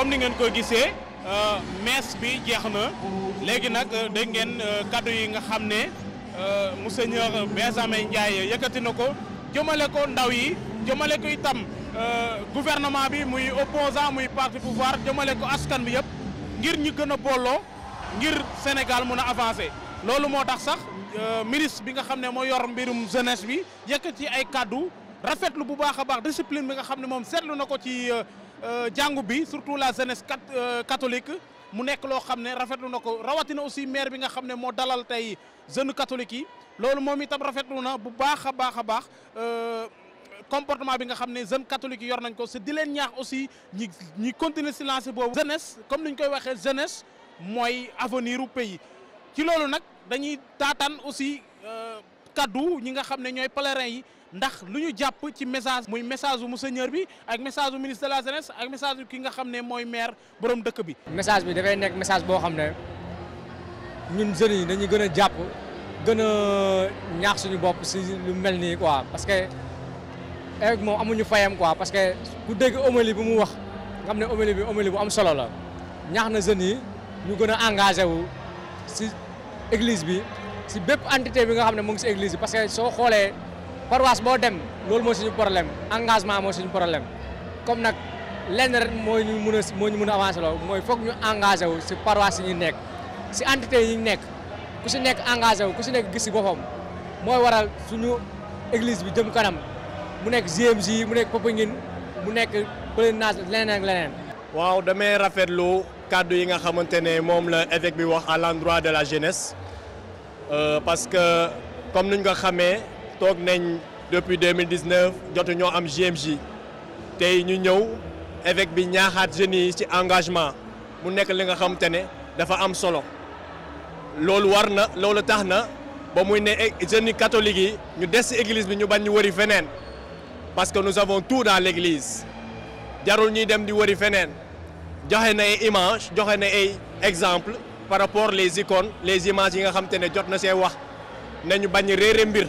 comme ni ngeen ko gisee euh, messe bi jeex na léegi nag euh, dégg ngeen euh, kaddu yi nga xam ne mu monseigneur Benjamin Ndiaye yëkkati na ko jëmale ko ndaw yi jëmale ko itam gouvernement bi muy opposant muy parti pouvoir jëmale ko askan bi yëpp ngir ñu gën a booloo ngir Sénégal mun a avancer loolu moo tax sax ministre bi nga xam ne moo yor mbirum jeunesse bi yëkkati ay kaddu rafetlu bu baax a baax discipline bi nga xam ne moom seetlu na ko ci. Euh, jàngu surtout la jeunesse euh, catholique mu nek lo xamné ne rafetlu ko rawatina aussi maire bi nga xamné ne dalal tay jeune catholique yi lolou momi itam rafetlu bu baax a baax euh comportement bi nga xamné jeune catholique yi yor nañ ko di ñaax aussi ñi ñi continuer silence lancer pour jeunesse comme niñ koy waxee jeunesse moy avenir du pays ci lolou nak dañuy taataan aussi cadeau euh, ñi nga xamné ne pèlerin yi. ndax lu ñu jàpp ci message muy message bu monseigneur bi ak message bu ministre de la jeunesse ak message bu ki nga xam ne mooy maire borom dëkk bi. message bi dafay nekk message boo xam ne ñun jeunes yi dañuy gën a jàpp gën a ñaax suñu bopp si lu mel nii quoi parce que avec amuñu fayam quoi parce que ku dégg homélie bi mu wax nga xam ne homélie bi homélie bu am solo la ñaax na jeunes yi ñu gën a engagé wu si église bi si bépp entité bi nga xam ne mu ngi si église bi parce que soo xoolee. parwas bo dem lol mo suñu problème engagement mo suñu problème comme nak lenn rek moy ñu mëna moy ñu mëna avancer lo moy fokk ñu engagé wu ci parwas yi ñu nekk ci entité yi ñu nekk ku ci nekk engagé wu ku ci nekk gis ci bopam moy waral suñu église bi dem kanam mu nekk gmj mu nekk Popenguine mu nekk Peulhinage leneen ak leneen. waaw damay rafetlu cadeau yi nga xamantene mom la évêque bi wax à l'endroit de la jeunesse euh parce que comme nous ñu ko toog nañ depuis 2019 jotu ñoo am JMJ tey ñu ñëw évêque bi ñaaxaat jeunes ci engagement mu nekk li nga xam te ne dafa am solo loolu war na loolu tax na ba muy ne e-, jeunes yi catholiques yi ñu des ci église bi ñu bañ ñu wëri feneen parce que nous avons tout dans l'église jarul ñuy dem di wëri feneen joxe na image joxe na exemple par rapport les icônes les images yi nga xam te ne jot na see bañ réere mbir